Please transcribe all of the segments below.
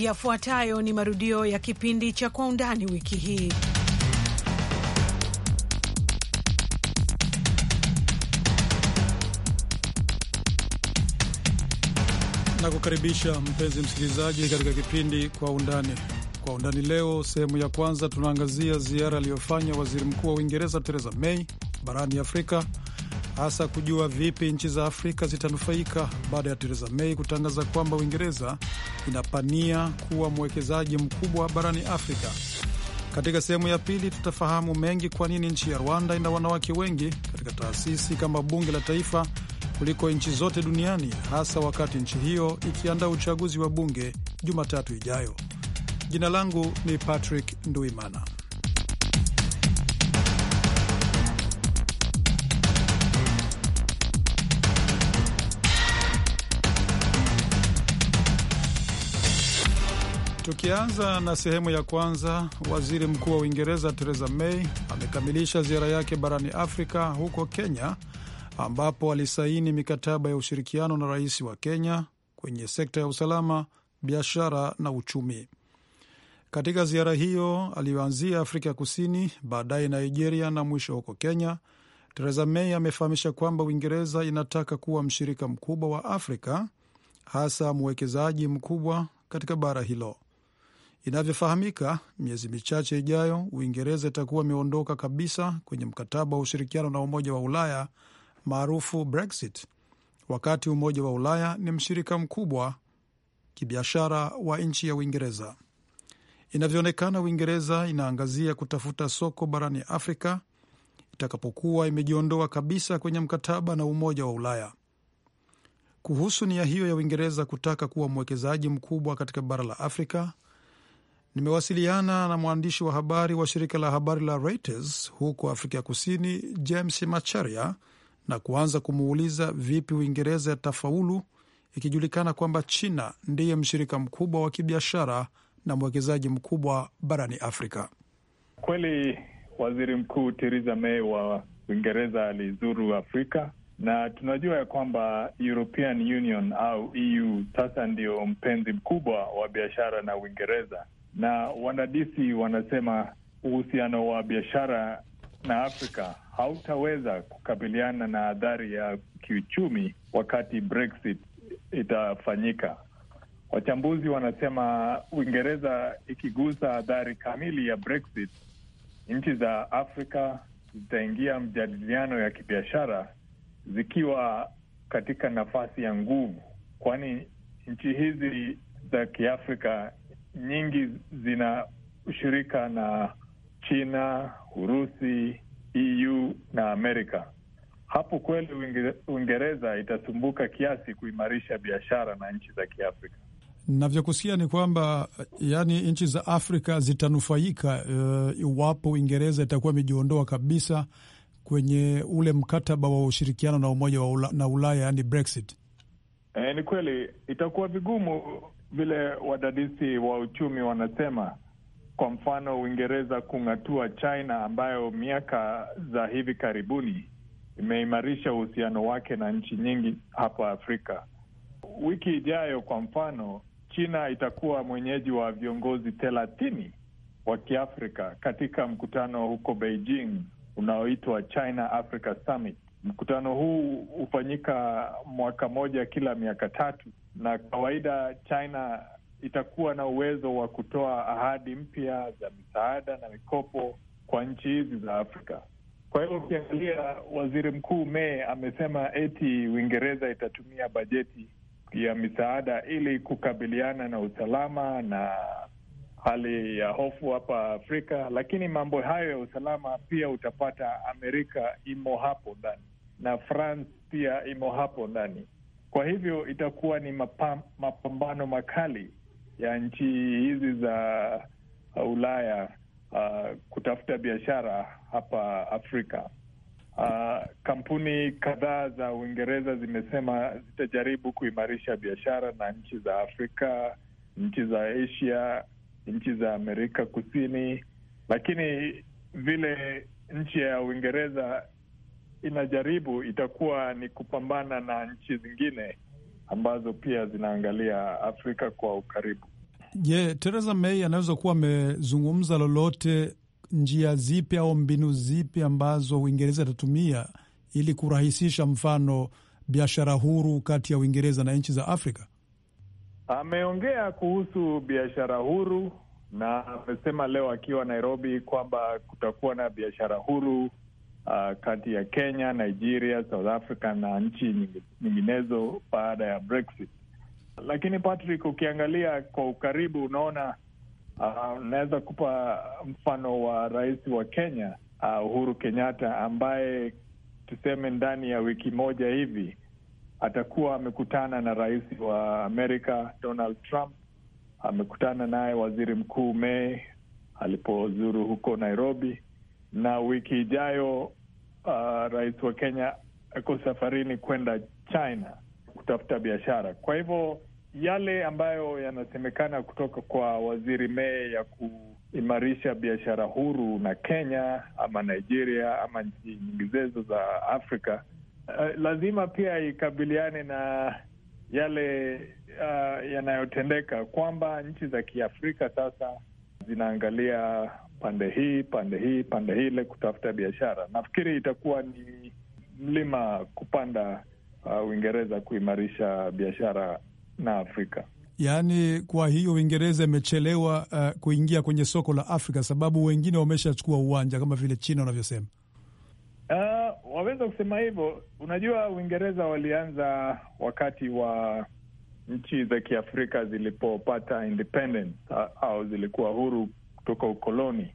Yafuatayo ni marudio ya kipindi cha Kwa Undani wiki hii. na kukaribisha mpenzi msikilizaji katika kipindi Kwa Undani. Kwa Undani leo, sehemu ya kwanza, tunaangazia ziara aliyofanya waziri mkuu wa Uingereza Theresa May barani Afrika hasa kujua vipi nchi za Afrika zitanufaika baada ya Theresa May kutangaza kwamba Uingereza inapania kuwa mwekezaji mkubwa barani Afrika. Katika sehemu ya pili tutafahamu mengi, kwa nini nchi ya Rwanda ina wanawake wengi katika taasisi kama bunge la taifa kuliko nchi zote duniani, hasa wakati nchi hiyo ikiandaa uchaguzi wa bunge Jumatatu ijayo. Jina langu ni Patrick Nduimana. Tukianza na sehemu ya kwanza, waziri mkuu wa Uingereza Theresa May amekamilisha ziara yake barani Afrika huko Kenya, ambapo alisaini mikataba ya ushirikiano na rais wa Kenya kwenye sekta ya usalama, biashara na uchumi. Katika ziara hiyo aliyoanzia Afrika ya Kusini, baadaye Nigeria na mwisho huko Kenya, Theresa May amefahamisha kwamba Uingereza inataka kuwa mshirika mkubwa wa Afrika, hasa mwekezaji mkubwa katika bara hilo. Inavyofahamika, miezi michache ijayo Uingereza itakuwa imeondoka kabisa kwenye mkataba wa ushirikiano na Umoja wa Ulaya maarufu Brexit, wakati Umoja wa Ulaya ni mshirika mkubwa kibiashara wa nchi ya Uingereza. Inavyoonekana, Uingereza inaangazia kutafuta soko barani Afrika itakapokuwa imejiondoa kabisa kwenye mkataba na Umoja wa Ulaya. Kuhusu nia hiyo ya Uingereza kutaka kuwa mwekezaji mkubwa katika bara la Afrika, Nimewasiliana na mwandishi wa habari wa shirika la habari la Reuters huko Afrika Kusini, James Macharia, na kuanza kumuuliza vipi Uingereza ya tafaulu ikijulikana kwamba China ndiye mshirika mkubwa wa kibiashara na mwekezaji mkubwa barani Afrika. Kweli waziri mkuu Theresa May wa Uingereza alizuru Afrika na tunajua ya kwamba European Union au EU sasa ndio mpenzi mkubwa wa biashara na Uingereza, na wanadisi wanasema uhusiano wa biashara na Afrika hautaweza kukabiliana na adhari ya kiuchumi wakati Brexit itafanyika. Wachambuzi wanasema Uingereza ikigusa adhari kamili ya Brexit, nchi za Afrika zitaingia mjadiliano ya kibiashara zikiwa katika nafasi ya nguvu, kwani nchi hizi za Kiafrika nyingi zina ushirika na China, Urusi, EU na Amerika. Hapo kweli Uingereza itasumbuka kiasi kuimarisha biashara na nchi za Kiafrika. Navyokusikia ni kwamba yani nchi za Afrika zitanufaika uh, iwapo uh, Uingereza itakuwa imejiondoa kabisa kwenye ule mkataba wa ushirikiano na umoja wa ula, na Ulaya yani Brexit. E, ni kweli itakuwa vigumu vile wadadisi wa uchumi wanasema. Kwa mfano, Uingereza kung'atua China ambayo miaka za hivi karibuni imeimarisha uhusiano wake na nchi nyingi hapa Afrika. Wiki ijayo, kwa mfano, China itakuwa mwenyeji wa viongozi thelathini wa Kiafrika katika mkutano huko Beijing unaoitwa China Africa Summit. Mkutano huu hufanyika mwaka moja kila miaka tatu na kawaida China itakuwa na uwezo wa kutoa ahadi mpya za misaada na mikopo kwa nchi hizi za Afrika. Kwa hivyo ukiangalia, waziri mkuu May amesema eti Uingereza itatumia bajeti ya misaada ili kukabiliana na usalama na hali ya hofu hapa Afrika, lakini mambo hayo ya usalama pia utapata Amerika imo hapo ndani na France pia imo hapo ndani. Kwa hivyo itakuwa ni mapam, mapambano makali ya nchi hizi za uh, Ulaya uh, kutafuta biashara hapa Afrika. Uh, kampuni kadhaa za Uingereza zimesema zitajaribu kuimarisha biashara na nchi za Afrika, nchi za Asia, nchi za Amerika Kusini, lakini vile nchi ya Uingereza inajaribu itakuwa ni kupambana na nchi zingine ambazo pia zinaangalia Afrika kwa ukaribu. Je, yeah, Theresa May anaweza kuwa amezungumza lolote, njia zipi au mbinu zipi ambazo Uingereza itatumia ili kurahisisha mfano biashara huru kati ya Uingereza na nchi za Afrika? Ameongea kuhusu biashara huru na amesema leo akiwa Nairobi kwamba kutakuwa na biashara huru uh, kati ya Kenya, Nigeria, South Africa na nchi nyinginezo baada ya Brexit. Lakini Patrick, ukiangalia kwa ukaribu, unaona uh, unaweza kupa mfano wa rais wa Kenya uh, Uhuru Kenyatta ambaye tuseme ndani ya wiki moja hivi atakuwa amekutana na rais wa Amerika Donald Trump, amekutana naye waziri mkuu May alipozuru huko Nairobi, na wiki ijayo uh, rais wa Kenya ako safarini kwenda China kutafuta biashara. Kwa hivyo yale ambayo yanasemekana kutoka kwa waziri mee ya kuimarisha biashara huru na Kenya ama Nigeria ama nchi nyinginezo za Afrika uh, lazima pia ikabiliane na yale uh, yanayotendeka kwamba nchi za Kiafrika sasa zinaangalia pande hii pande hii pande hile kutafuta biashara. Nafikiri itakuwa ni mlima kupanda uh, Uingereza kuimarisha biashara na Afrika. Yaani, kwa hiyo Uingereza imechelewa uh, kuingia kwenye soko la Afrika sababu wengine wameshachukua uwanja kama vile China unavyosema. Uh, waweza kusema hivyo. Unajua, Uingereza walianza wakati wa nchi za Kiafrika zilipopata independence uh, au zilikuwa huru kutoka ukoloni,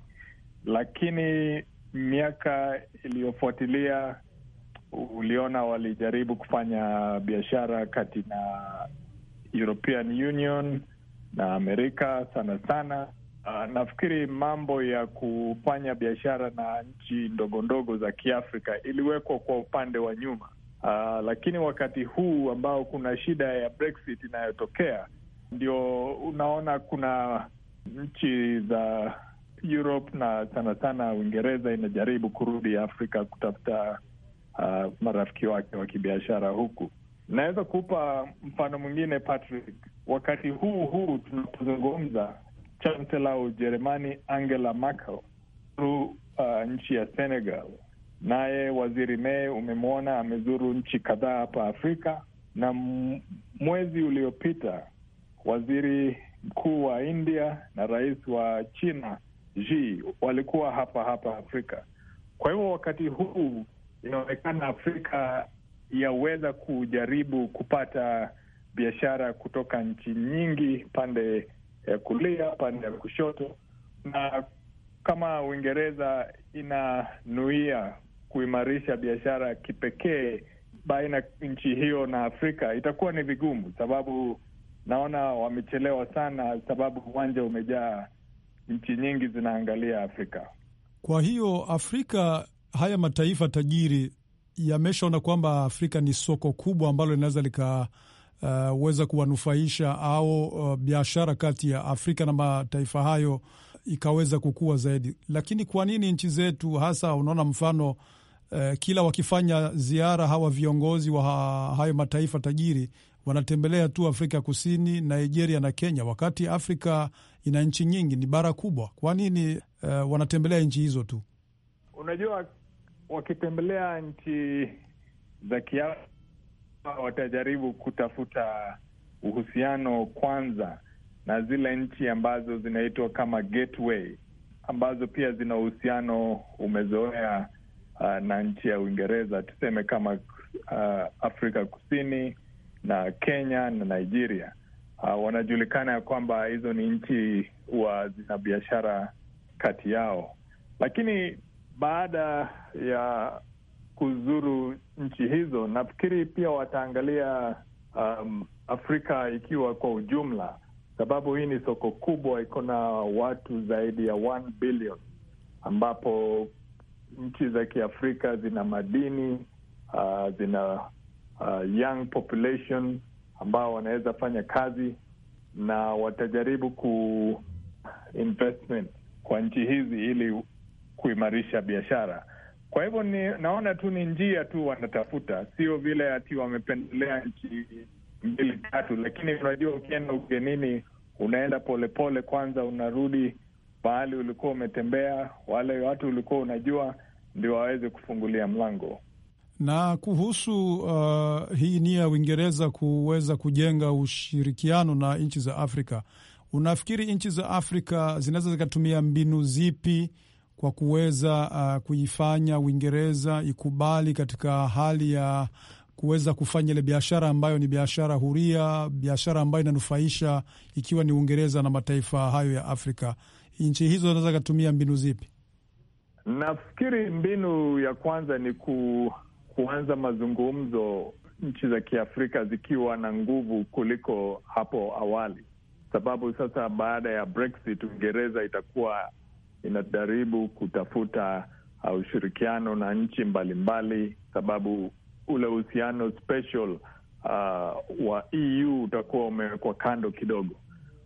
lakini miaka iliyofuatilia uliona walijaribu kufanya biashara kati na European Union na Amerika sana sana. Uh, nafikiri mambo ya kufanya biashara na nchi ndogo ndogo za Kiafrika iliwekwa kwa upande wa nyuma. Uh, lakini wakati huu ambao kuna shida ya Brexit inayotokea ndio unaona kuna nchi za Europe na sana sana Uingereza inajaribu kurudi Afrika kutafuta uh, marafiki wake wa kibiashara huku. Naweza kupa mfano mwingine Patrick, wakati huu huu tunapozungumza, chansela wa Ujerumani Angela Merkel zuru uh, nchi ya Senegal, naye waziri Mei umemwona amezuru nchi kadhaa hapa Afrika, na mwezi uliopita waziri mkuu wa India na rais wa China Xi walikuwa hapa hapa Afrika. Kwa hivyo wakati huu inaonekana Afrika yaweza kujaribu kupata biashara kutoka nchi nyingi, pande ya kulia, pande ya kushoto, na kama Uingereza inanuia kuimarisha biashara kipekee baina nchi hiyo na Afrika, itakuwa ni vigumu sababu naona wamechelewa sana, sababu uwanja umejaa, nchi nyingi zinaangalia Afrika. Kwa hiyo Afrika, haya mataifa tajiri yameshaona kwamba Afrika ni soko kubwa ambalo linaweza likaweza uh, kuwanufaisha au uh, biashara kati ya Afrika na mataifa hayo ikaweza kukua zaidi. Lakini kwa nini nchi zetu hasa, unaona mfano uh, kila wakifanya ziara hawa viongozi wa hayo mataifa tajiri wanatembelea tu Afrika Kusini, Nigeria na Kenya, wakati Afrika ina nchi nyingi, ni bara kubwa. Kwa nini uh, wanatembelea nchi hizo tu? Unajua, wakitembelea nchi za Kiafrika watajaribu kutafuta uhusiano kwanza na zile nchi ambazo zinaitwa kama gateway ambazo pia zina uhusiano umezoea uh, na nchi ya Uingereza, tuseme kama uh, Afrika Kusini na Kenya na Nigeria. Uh, wanajulikana ya kwamba hizo ni nchi wa zina biashara kati yao, lakini baada ya kuzuru nchi hizo nafikiri pia wataangalia um, Afrika ikiwa kwa ujumla, sababu hii ni soko kubwa, iko na watu zaidi ya billion, ambapo nchi za Kiafrika zina madini uh, zina uh, young population ambao wanaweza fanya kazi na watajaribu ku investment kwa nchi hizi ili kuimarisha biashara. Kwa hivyo ni, naona tu ni njia tu wanatafuta, sio vile ati wamependelea nchi mbili tatu, lakini unajua, ukienda ugenini unaenda polepole pole, kwanza unarudi mahali ulikuwa umetembea, wale watu ulikuwa unajua, ndio waweze kufungulia mlango. Na kuhusu uh, hii nia ya Uingereza kuweza kujenga ushirikiano na nchi za Afrika, unafikiri nchi za Afrika zinaweza zikatumia mbinu zipi kwa kuweza uh, kuifanya Uingereza ikubali katika hali ya kuweza kufanya ile biashara ambayo ni biashara huria, biashara ambayo inanufaisha ikiwa ni Uingereza na mataifa hayo ya Afrika, nchi hizo zinaweza zikatumia mbinu zipi? Nafikiri mbinu ya kwanza ni ku kuanza mazungumzo nchi za Kiafrika zikiwa na nguvu kuliko hapo awali, sababu sasa baada ya Brexit Uingereza itakuwa inajaribu kutafuta uh, ushirikiano na nchi mbalimbali, sababu ule uhusiano special uh, wa EU utakuwa umewekwa kando kidogo.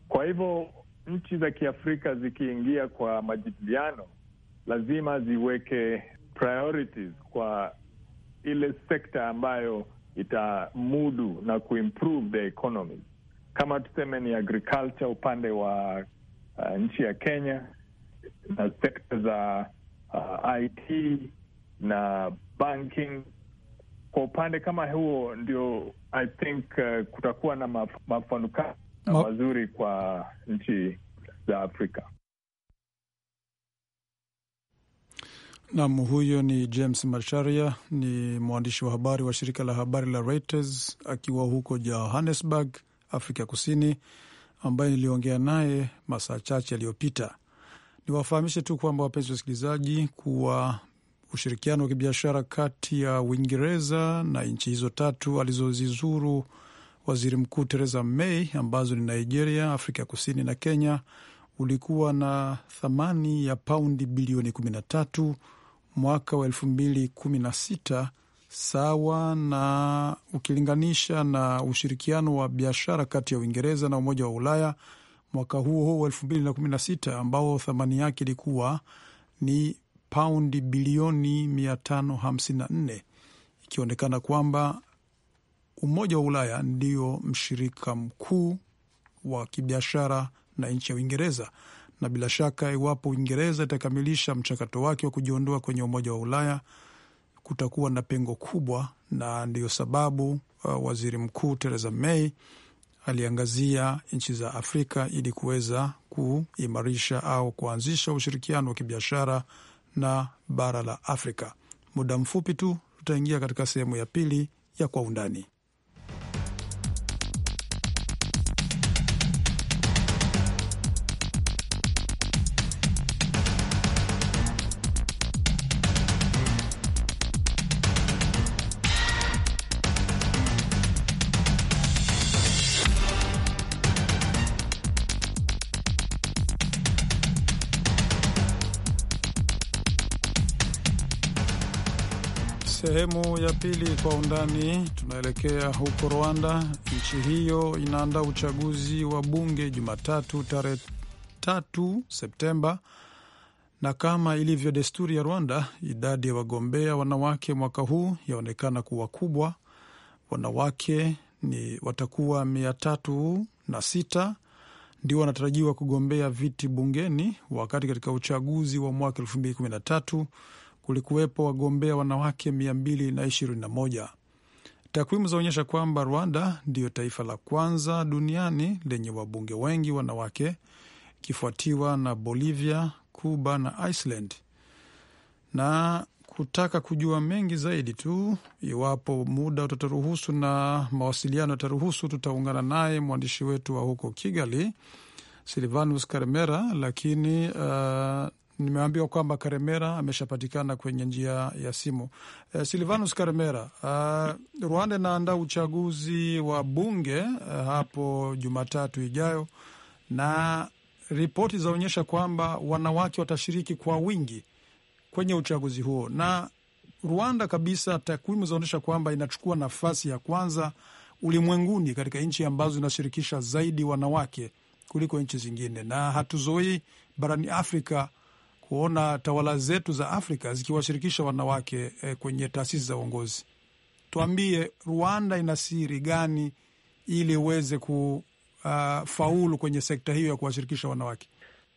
Kwa hivyo nchi za Kiafrika zikiingia kwa majadiliano lazima ziweke priorities kwa ile sekta ambayo itamudu na kuimprove the economy. Kama tuseme ni agriculture upande wa uh, nchi ya Kenya na sekta za uh, IT na banking kwa upande kama huo ndio I think uh, kutakuwa na maf mafanuka mazuri kwa nchi za Afrika. Nam, huyo ni James Macharia, ni mwandishi wa habari wa shirika la habari la Reuters akiwa huko Johannesburg, Afrika Kusini, ambaye niliongea naye masaa chache yaliyopita. Niwafahamishe tu kwamba wapenzi wasikilizaji, kuwa ushirikiano wa kibiashara kati ya Uingereza na nchi hizo tatu alizozizuru waziri mkuu Theresa May ambazo ni Nigeria, Afrika Kusini na Kenya ulikuwa na thamani ya paundi bilioni kumi na tatu mwaka wa elfu mbili kumi na sita sawa na ukilinganisha na ushirikiano wa biashara kati ya Uingereza na Umoja wa Ulaya mwaka huo huo wa elfu mbili na kumi na sita ambao thamani yake ilikuwa ni paundi bilioni mia tano nne ikionekana kwamba Umoja wa Ulaya ndio mshirika mkuu wa kibiashara na nchi ya Uingereza na bila shaka, iwapo Uingereza itakamilisha mchakato wake wa kujiondoa kwenye Umoja wa Ulaya, kutakuwa na pengo kubwa, na ndiyo sababu uh, waziri mkuu Theresa May aliangazia nchi za Afrika ili kuweza kuimarisha au kuanzisha ushirikiano wa kibiashara na bara la Afrika. Muda mfupi tu tutaingia katika sehemu ya pili ya Kwa Undani. sehemu ya pili kwa undani. Tunaelekea huko Rwanda. Nchi hiyo inaandaa uchaguzi wa bunge Jumatatu tarehe tatu Septemba, na kama ilivyo desturi ya Rwanda, idadi ya wagombea wanawake mwaka huu yaonekana kuwa kubwa. Wanawake ni watakuwa mia tatu na sita ndio wanatarajiwa kugombea viti bungeni, wakati katika uchaguzi wa mwaka elfu mbili kumi na tatu kulikuwepo wagombea wanawake 221. Takwimu zaonyesha kwamba Rwanda ndiyo taifa la kwanza duniani lenye wabunge wengi wanawake, ikifuatiwa na Bolivia, Cuba na Iceland. Na kutaka kujua mengi zaidi tu, iwapo muda utataruhusu na mawasiliano yataruhusu, tutaungana naye mwandishi wetu wa huko Kigali, Silvanus Karmera. Lakini uh, Nimeambiwa kwamba Karemera ameshapatikana kwenye njia ya simu. E, Silvanus Karemera, uh, Rwanda inaandaa uchaguzi wa bunge uh, hapo Jumatatu ijayo na ripoti zaonyesha kwamba wanawake watashiriki kwa wingi kwenye uchaguzi huo, na Rwanda kabisa, takwimu zaonyesha kwamba inachukua nafasi ya kwanza ulimwenguni katika nchi ambazo zinashirikisha zaidi wanawake kuliko nchi zingine, na hatuzoei barani Afrika kuona tawala zetu za Afrika zikiwashirikisha wanawake eh, kwenye taasisi za uongozi. Tuambie, Rwanda ina siri gani ili iweze kufaulu uh, kwenye sekta hiyo ya kuwashirikisha wanawake?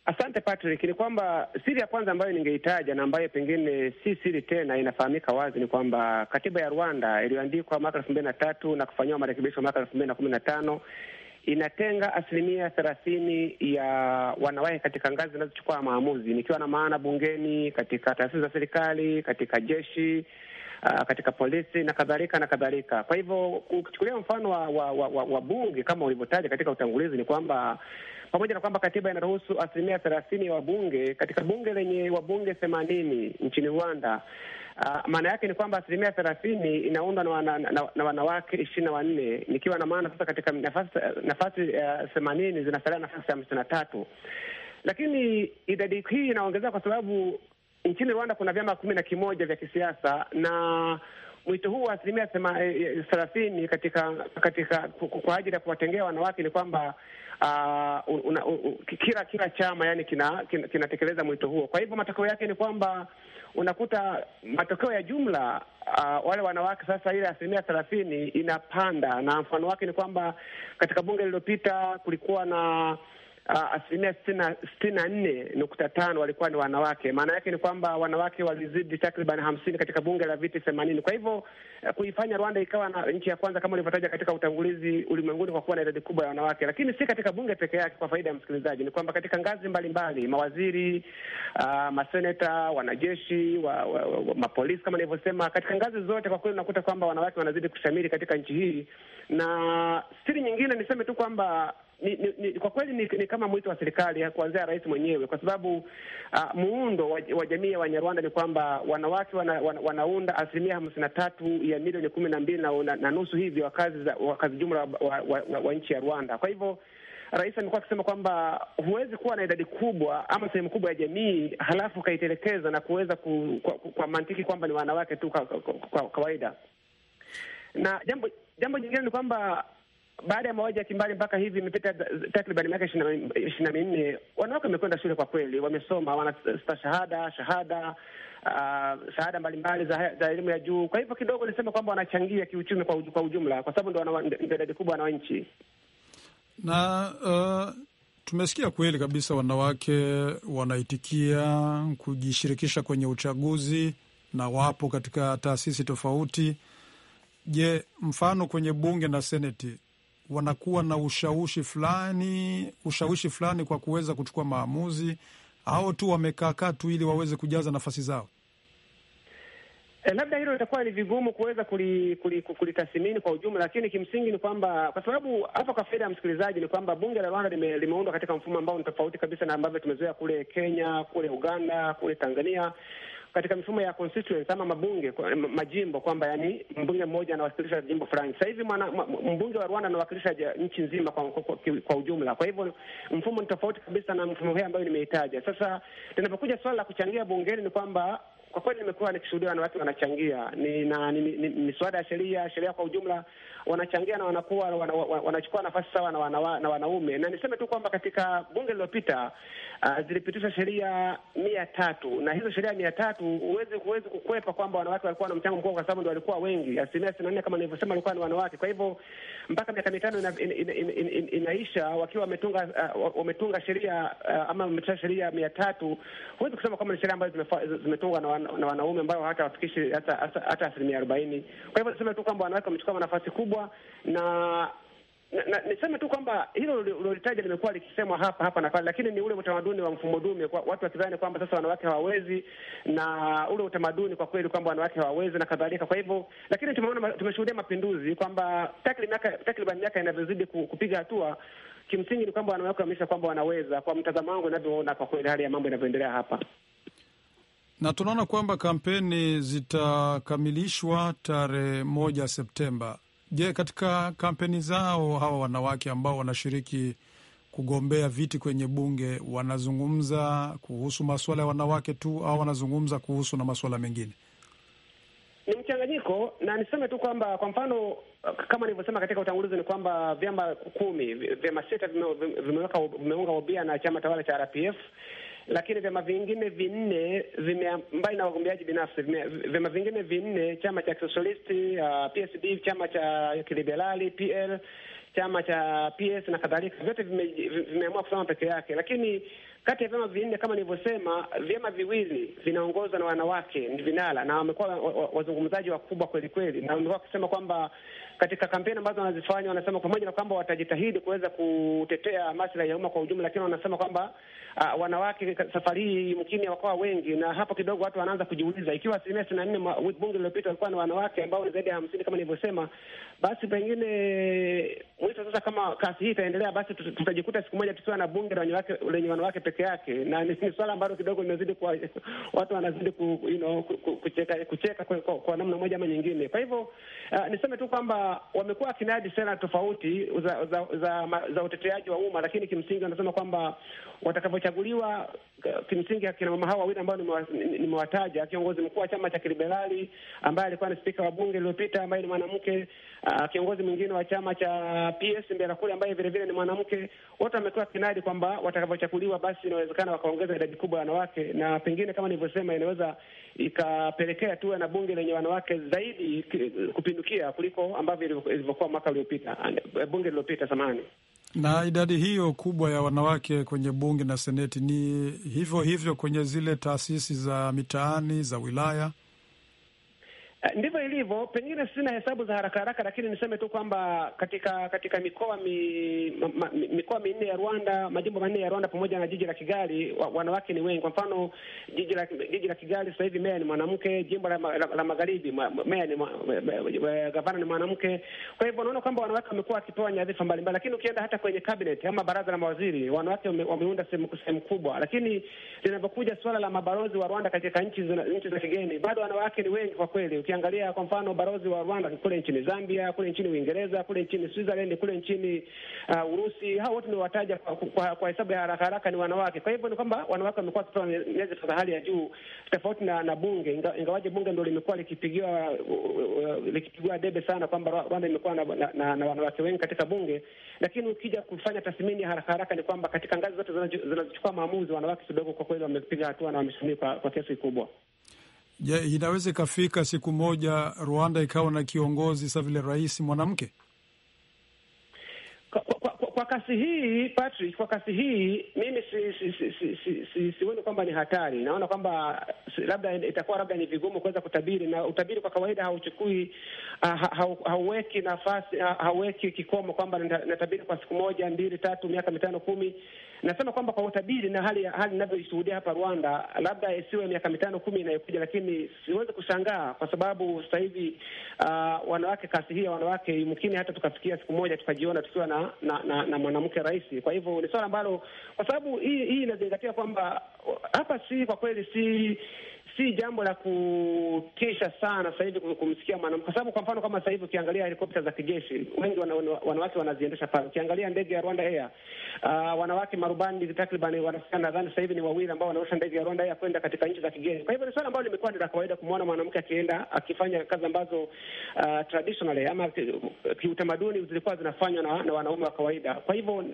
Asante Patrick. Ni kwamba siri ya kwanza ambayo ningeitaja na ambayo pengine si siri tena, inafahamika wazi, ni kwamba katiba ya Rwanda iliyoandikwa mwaka elfu mbili na tatu na kufanyiwa marekebisho mwaka elfu mbili na kumi na tano inatenga asilimia thelathini ya wanawake katika ngazi zinazochukua maamuzi, nikiwa na maana bungeni, katika taasisi za serikali, katika jeshi Uh, katika polisi na kadhalika na kadhalika. Kwa hivyo ukichukulia mfano wa, wa, wa, wa bunge kama ulivyotaja katika utangulizi, ni kwamba pamoja na kwamba katiba inaruhusu asilimia thelathini ya wabunge, katika bunge lenye wabunge themanini nchini Rwanda Uh, maana yake ni kwamba asilimia thelathini inaundwa na, wana, na, na wanawake ishirini na wanne nikiwa na maana sasa katika nafasi nafasi eh, themanini uh, zinasalia nafasi hamsini na tatu, lakini idadi hii inaongezeka kwa sababu nchini Rwanda kuna vyama kumi na kimoja vya kisiasa na mwito huu wa asilimia eh, eh, thelathini katika katika kwa ajili ya kuwatengea wanawake ni kwamba uh, una, kila kila chama yani kinatekeleza kina, kina mwito huo. Kwa hivyo matokeo yake ni kwamba unakuta matokeo ya jumla uh, wale wanawake sasa, ile asilimia thelathini inapanda, na mfano wake ni kwamba katika bunge lililopita kulikuwa na Ah, asilimia sitini na nne nukta tano walikuwa ni wanawake. Maana yake ni kwamba wanawake walizidi takriban hamsini katika bunge la viti themanini. Kwa hivyo eh, kuifanya Rwanda ikawa na nchi ya kwanza kama ulivyotaja katika utangulizi ulimwenguni kwa kuwa na idadi kubwa ya wanawake, lakini si katika bunge peke yake. Kwa faida ya msikilizaji, ni kwamba katika ngazi mbalimbali mbali, mawaziri, uh, maseneta, wanajeshi wa, wa, wa, wa, mapolisi kama nilivyosema, katika ngazi zote kwa kweli unakuta kwamba wanawake wanazidi kushamiri katika nchi hii, na siri nyingine niseme tu kwamba ni, ni, ni, kwa kweli ni, ni kama mwito wa serikali kuanzia rais mwenyewe, kwa sababu uh, muundo wa, wa jamii ya Wanyarwanda ni kwamba wanawake wana, wana, wanaunda asilimia hamsini na tatu ya milioni kumi na mbili na nusu hivi wakazi za, wakazi jumla wa, wa, wa, wa, wa nchi ya Rwanda. Kwa hivyo rais amekuwa akisema kwamba huwezi kuwa na idadi kubwa ama sehemu kubwa ya jamii halafu ukaitelekeza na kuweza ku, kwa, kwa mantiki kwamba ni wanawake tu kwa, kwa, kwa kawaida na jambo jambo jingine ni kwamba baada ya mauaji ya kimbali mpaka hivi imepita takriban miaka ishirini na minne. Wanawake wamekwenda shule kwa kweli, wamesoma, wana stashahada, shahada, uh, shahada mbalimbali za elimu ya juu. Kwa hivyo kidogo nisema kwamba wanachangia kiuchumi kwa, kwa ujumla, kwa sababu ndo idadi kubwa wananchi na uh, tumesikia kweli kabisa wanawake wanaitikia kujishirikisha kwenye uchaguzi na wapo katika taasisi tofauti. Je, mfano kwenye bunge na seneti wanakuwa na ushawishi fulani, ushawishi fulani kwa kuweza kuchukua maamuzi au tu wamekaakaa tu ili waweze kujaza nafasi zao? E, labda hilo litakuwa ni vigumu kuweza kulitathmini kuli, kuli kwa ujumla, lakini kimsingi ni kwamba kwa sababu hapa, kwa faida ya msikilizaji, ni kwamba bunge la Rwanda lime, limeundwa katika mfumo ambao ni tofauti kabisa na ambavyo tumezoea kule Kenya, kule Uganda, kule Tanzania katika mifumo ya constituency ama mabunge majimbo, kwamba yani mbunge mmoja anawakilisha jimbo fulani. Sasa hivi mbunge wa Rwanda anawakilisha nchi nzima kwa, kwa, kwa, kwa ujumla. Kwa hivyo mfumo ni tofauti kabisa na mfumo hii ambayo nimeitaja. Sasa tunapokuja swala la kuchangia bungeni ni kwamba kwa kweli nimekuwa nikishuhudia watu wanachangia ni na ni, ni, ni miswada ya sheria sheria kwa ujumla, wanachangia na wanakuwa wana, wana, wanachukua nafasi sawa na, wana, na wanaume. Na niseme tu kwamba katika bunge lililopita uh, ah, zilipitishwa sheria mia tatu na hizo sheria mia tatu huwezi huwezi kukwepa kwamba wanawake walikuwa na mchango mkubwa, kwa sababu ndio walikuwa wengi, asilimia sitini na nne kama nilivyosema walikuwa ni wanawake. Kwa hivyo mpaka miaka mitano ina, ina, ina, ina, ina, ina, inaisha wakiwa wametunga uh, wametunga sheria uh, ama wametisha sheria mia tatu huwezi kusema kwamba ni sheria ambazo zimetungwa na na wanaume ambao hata hawafikishi hata hata, hata asilimia arobaini. Kwa hivyo niseme tu kwamba wanawake wamechukua nafasi kubwa na na niseme tu kwamba hilo ulilolitaja limekuwa likisemwa hapa hapa na pale, lakini ni ule utamaduni wa mfumo dume, kwa watu wakidhani kwamba sasa wanawake hawawezi, na ule utamaduni kwa kweli kwamba wanawake hawawezi na kadhalika. Kwa hivyo, lakini tumeona, tumeshuhudia mapinduzi kwamba takriban miaka inavyozidi kupiga hatua, kimsingi ni kwamba wanawake wameonyesha kwamba wanaweza. Kwa mtazamo wangu, inavyoona kwa kweli, hali ya mambo inavyoendelea hapa na tunaona kwamba kampeni zitakamilishwa tarehe moja Septemba. Je, katika kampeni zao hawa wanawake ambao wanashiriki kugombea viti kwenye bunge wanazungumza kuhusu masuala ya wanawake tu au wanazungumza kuhusu na masuala mengine? Ni mchanganyiko, na niseme tu kwamba kwa mfano kama nilivyosema katika utangulizi ni kwamba vyama kumi, vyama sita vimeunga ubia na chama tawala cha RPF lakini vyama vingine vinne vime, mbali na wagombeaji binafsi, vyama vingine vinne, chama cha kisosialisti uh, PSD, chama cha kiliberali PL, chama cha PS na kadhalika, vyote vimeamua vime kusimama peke yake, lakini kati ya vyama vinne kama nilivyosema, vyama viwili vinaongozwa na wanawake, ni vinara na wamekuwa wazungumzaji wakubwa kweli kweli, na wamekuwa wakisema kwamba katika kampeni ambazo wanazifanya wanasema pamoja na kwamba watajitahidi kuweza kutetea maslahi ya umma kwa ujumla, lakini wanasema kwamba uh, wanawake safari hii mkini wakawa wengi, na hapo kidogo watu wanaanza kujiuliza ikiwa asilimia sitini na nne bunge lililopita walikuwa na wanawake ambao ni zaidi ya hamsini kama nilivyosema, basi pengine mwisho sasa, kama kasi hii itaendelea, basi tutajikuta siku moja tukiwa na bunge lenye wanawake pekee peke yake, na ni swala ambalo kidogo limezidi kwa watu wanazidi ku, you know, kucheka, kucheka kwa, kwa, kwa namna moja ama nyingine. Kwa hivyo uh, niseme tu kwamba wamekuwa akinadi sera tofauti za za, za, za za uteteaji wa umma, lakini kimsingi wanasema kwamba watakavyochaguliwa, uh, kimsingi akina mama hao wawili ambao nimewataja, kiongozi mkuu wa chama cha kiliberali ambaye alikuwa ni spika wa bunge iliyopita ambaye ni mwanamke, uh, kiongozi mwingine wa chama cha PS Mberakuli ambaye vile vile ni mwanamke, wote wamekuwa kinadi kwamba watakavyochaguliwa basi basi inawezekana wakaongeza idadi kubwa ya wanawake, na pengine kama nilivyosema, inaweza ikapelekea tuwe na bunge lenye wanawake zaidi kupindukia kuliko ambavyo ilivyokuwa mwaka uliopita, eh, bunge lililopita, zamani Na idadi hiyo kubwa ya wanawake kwenye bunge na seneti ni hivyo hivyo kwenye zile taasisi za mitaani za wilaya Eh, ndivyo ilivyo. Pengine sina hesabu za haraka haraka, lakini niseme tu kwamba katika katika mikoa mi, ma, mikoa minne ya Rwanda, majimbo manne ya Rwanda pamoja na jiji la Kigali wa, wanawake ni wengi. Kwa mfano jiji la jiji la Kigali sasa hivi meya ni mwanamke, jimbo la, la, la, magharibi meya ni gavana ni mwanamke. Kwa hivyo unaona kwamba wanawake wamekuwa wakipewa nyadhifa mbalimbali, lakini ukienda hata kwenye cabinet ama baraza la mawaziri wanawake wame, wameunda sehemu sehemu kubwa, lakini linapokuja swala la mabalozi wa Rwanda katika nchi za nchi za kigeni bado wanawake ni wengi kwa kweli ukiangalia kwa mfano barozi wa Rwanda kule nchini Zambia, kule nchini Uingereza, kule nchini Switzerland, kule nchini uh, Urusi, hao wote nimewataja kwa, kwa, kwa hesabu ya haraka haraka ni wanawake. Kwa hivyo ni kwamba wanawake wamekuwa wakipewa nyadhifa za hali ya juu tofauti na, na bunge ingawaje bunge ndio limekuwa likipigiwa uh, uh likipigiwa debe sana kwamba Rwanda imekuwa na, na, na, na wanawake wengi katika bunge, lakini ukija kufanya tathmini ya haraka haraka ni kwamba katika ngazi zote zinazochukua maamuzi wanawake kidogo kwa kweli wamepiga hatua na wameshiriki kwa, kwa kiasi kikubwa. Je, inaweza ikafika siku moja Rwanda ikawa na kiongozi sa vile rais mwanamke? Kwa, kwa, kwa, kwa kasi hii Patrick, kwa kasi hii mimi si, si, si, si, si, si, sioni kwamba ni hatari. Naona kwamba labda itakuwa labda ni vigumu kuweza kutabiri, na utabiri kwa kawaida hauchukui ah, ha, hauweki nafasi ah, hauweki kikomo kwamba natabiri kwa siku moja, mbili, tatu, miaka mitano, kumi. Nasema kwamba kwa utabiri na hali hali inavyoishuhudia hapa Rwanda, labda isiwe miaka mitano kumi inayokuja, lakini siwezi kushangaa kwa sababu sasa hivi uh, wanawake kasi hii ya wanawake, yumkini hata tukafikia siku moja tukajiona tukiwa na na, na, na mwanamke rais. Kwa hivyo ni swala ambalo, kwa sababu hii hii inazingatia kwamba hapa si kwa kweli si si jambo la kutisha sana sasa hivi kumsikia mwanamke, kwa sababu kwa mfano kama sasa hivi ukiangalia helikopta za kijeshi wengi wanawake wanaziendesha pale. Ukiangalia ndege ya Rwanda Air uh, wanawake marubani ni takriban wanafika nadhani sasa hivi ni wawili ambao wanaosha ndege ya Rwanda Air kwenda katika nchi za kigeni. Kwa hivyo ni swala ambalo limekuwa ni la kawaida kumwona mwanamke akienda akifanya kazi ambazo uh, traditionally ama kiutamaduni zilikuwa zinafanywa na, na wanaume wa kawaida. Kwa hivyo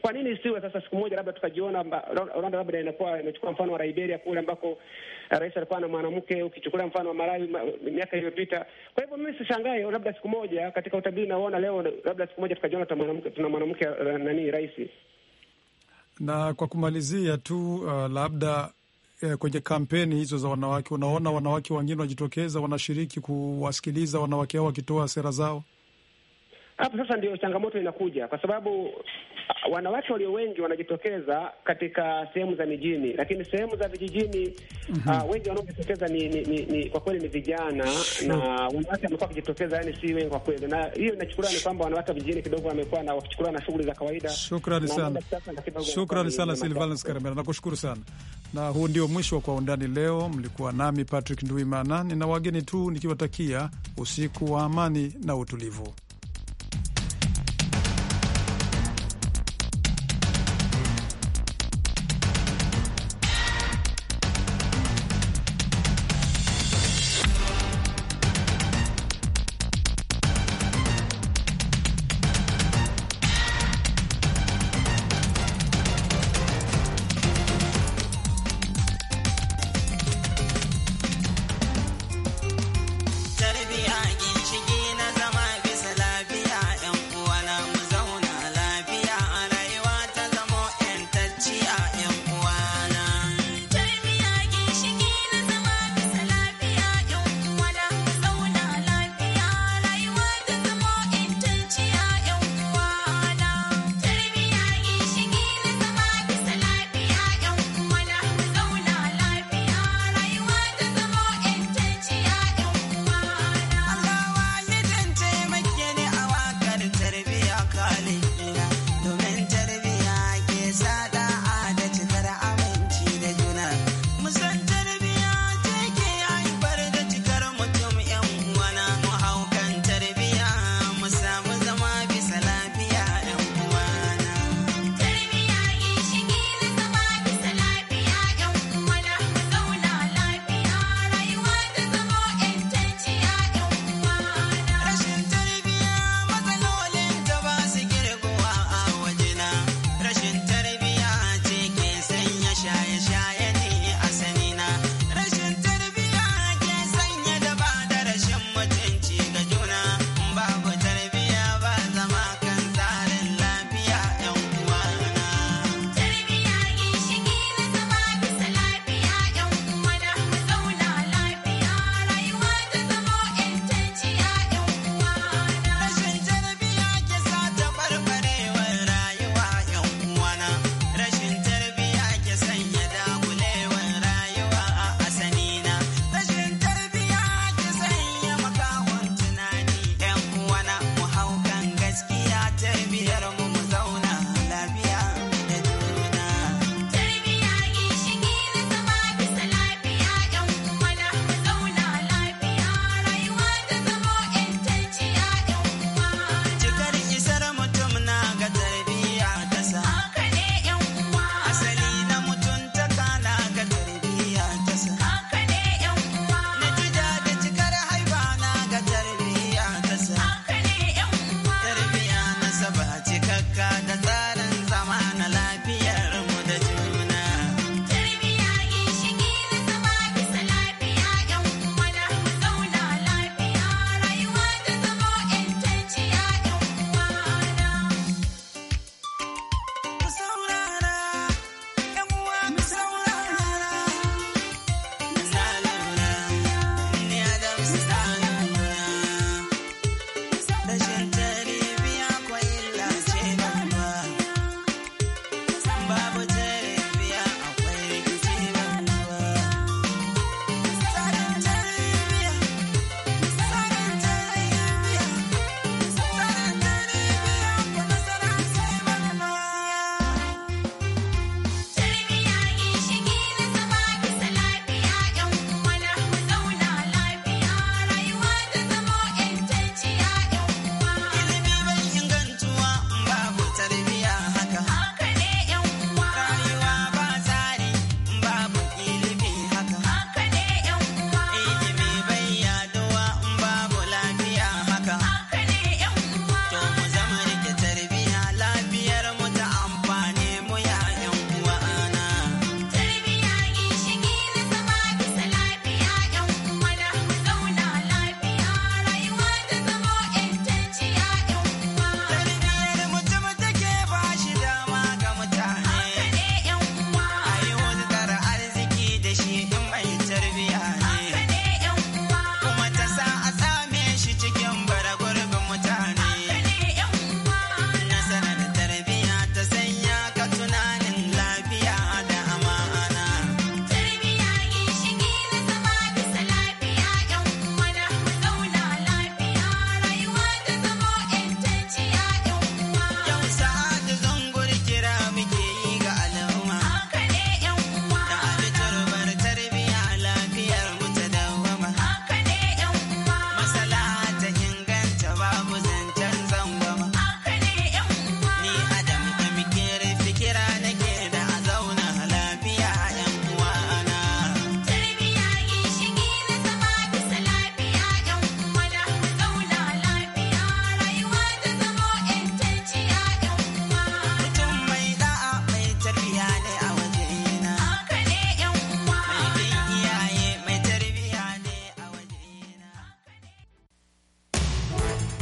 kwa nini siwe sasa siku moja labda tukajiona Rwanda labda inakuwa imechukua mfano wa Liberia kule ambako rais alikuwa na mwanamke, ukichukulia mfano wa Malawi miaka iliyopita. Kwa hivyo mimi sishangae, labda siku moja katika utabiri naona leo, labda siku moja tukajiona tuna mwanamke uh, nani rais. Na kwa kumalizia tu uh, labda eh, kwenye kampeni hizo za wanawake, unaona wanawake wengine wanajitokeza, wanashiriki kuwasikiliza wanawake hao wakitoa sera zao? Hapo sasa ndio changamoto inakuja, kwa sababu uh, wanawake walio wengi wanajitokeza katika sehemu za mijini, lakini sehemu za vijijini mm -hmm. uh, wengi wanaojitokeza ni, ni, ni, ni kwa kweli ni vijana sure. na wanawake wamekuwa wakijitokeza, yani si wengi kwa kweli, na hiyo inachukuliwa ni kwamba wanawake wa vijijini kidogo wamekuwa na wakichukuliwa na shughuli za kawaida. Shukrani sana, shukrani sana Silvanus Karemera, nakushukuru sana na huu ndio mwisho wa Kwa Undani leo. Mlikuwa nami Patrick Nduimana, nina wageni tu nikiwatakia usiku wa amani na utulivu.